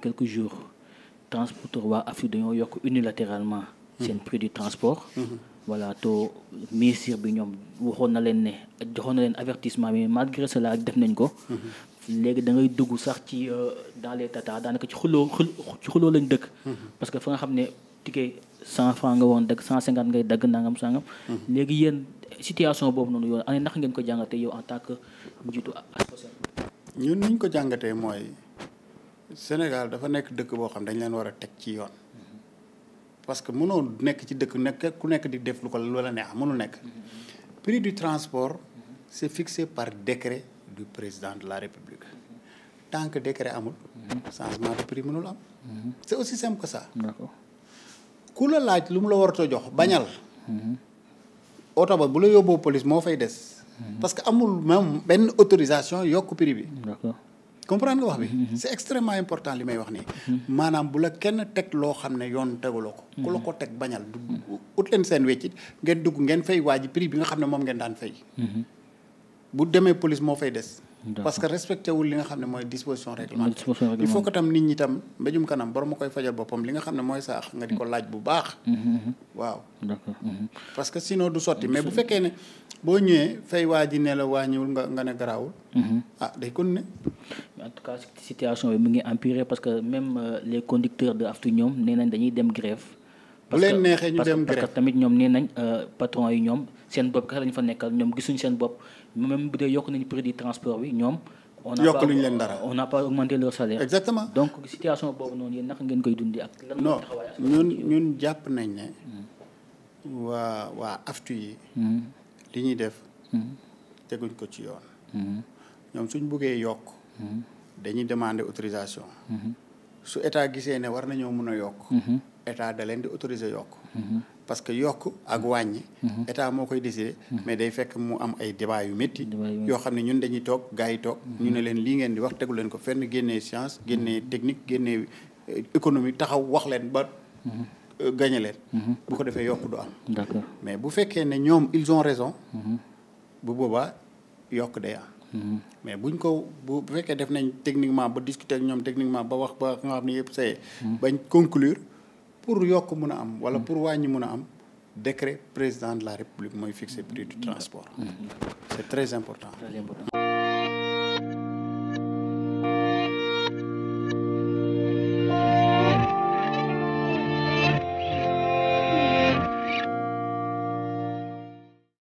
quelques jours transporteur waa Afrique dañoo yokk unilatéralement seen prix du transport mm-hmm. voilà to ministre bi ñoom waxoon na leen ne joxoon na leen avertissement mais malgré cela def nañ ko mm-hmm. léegi da ngay dugg sax ci euh, dans les tata daanaka ci xuloo ci xuloo lañ dëkk mm-hmm. parce que fa nga xam ne ticket cent franc nga woon dagg cent cinquante ngay dagg nangam sangam léegi yéen situation boobu noonu yoon ane ndax ngeen ko jàngatee yow en tant que njiitu Sénégal dafa nekk dëkk boo xam dañ leen war a teg ci yoon parce que mënoo nekk ci dëkk nekk ku nekk di def lu ko lu la neex mënul nekk prix du transport c'est fixé par décret du président de la République tant que décret amul changement de prix mënul am c'est aussi simple que sax ku la laaj lu mu la warta jox bañal oto ba bu la yóbboo police moo fay des parce que amul même benn autorisation yokk prix bi comprendre nga wax bi mm-hmm. Mm-hmm. c'est extrêmement important li may wax nii maanaam bu la kenn teg loo xam ne yoon tegaloo ko ku la mm-hmm. ko teg bañal du ut leen seen weccit ngeen dugg ngeen fay waa ji prix bi nga xam ne moom ngeen daan fay bu demee police moo fay des parce que respecté wul li nga xam ne mooy disposition réglementaire il faut que tam nit ñi tam mbéjum kanam borom a koy fajal boppam li nga xam ne mooy saax nga di ko laaj bu baax mm-hmm, mm-hmm. waaw d'accord mm-hmm. parce que sinon du sotti mais bu fekkee ne boo ñëwee fay waa ji ne la wàññiwul nga nga ne garaawul ah day kon ne en tout cas situation bi mu ngi empiré parce que même euh, les conducteurs de aftu ñoom nee nañ dañuy dem grève bu leen neexee parce que tamit ñoom nee nañ euh, patron yi ñoom seen bopp kese lañu fa nekkal ñoom gisuñ seen bopp même bu dee yokk nañu prix du transport bi ñoom. on n'a pas leen dara on n'a pas augmenté leur salaire. exactement donc situation boobu noonu yéen naka ngeen koy dundee ak. lan non ñun ñun jàpp nañ ne. Hmm. waa aftu yi. Hmm. li ñuy def. Hmm. teguñ ko ci yoon. ñoom suñ buggee yokk. dañuy demander autorisation. su état gisee ne war nañoo mun a yokk. état da leen di autoriser yokk. Mhm. parce que yokk ak wàññi. Mhm. état moo koy décider. Mhm. mais day fekk mu am ay débat yu métti. yoo xam ne ñun dañuy toog gars yi toog. ñu ne leen lii ngeen di wax tegu leen ko fenn génnee science génnee technique génne euh, économie taxaw wax leen ba. Euh, gañe leen. bu ko defee yokk du am. mais bu fekkee ne ñoom ils ont raison. bu boobaa yokk day am. mais buñ ko bu fekkee def nañ techniquement ba discuter ñoom techniquement ba wax ba nga xam ne yëpp c'est bañ conclure. pour yokk mun a am wala mm. pour wàññi mun a am décret président de la république mooy fixer prix mm. transport c'est très important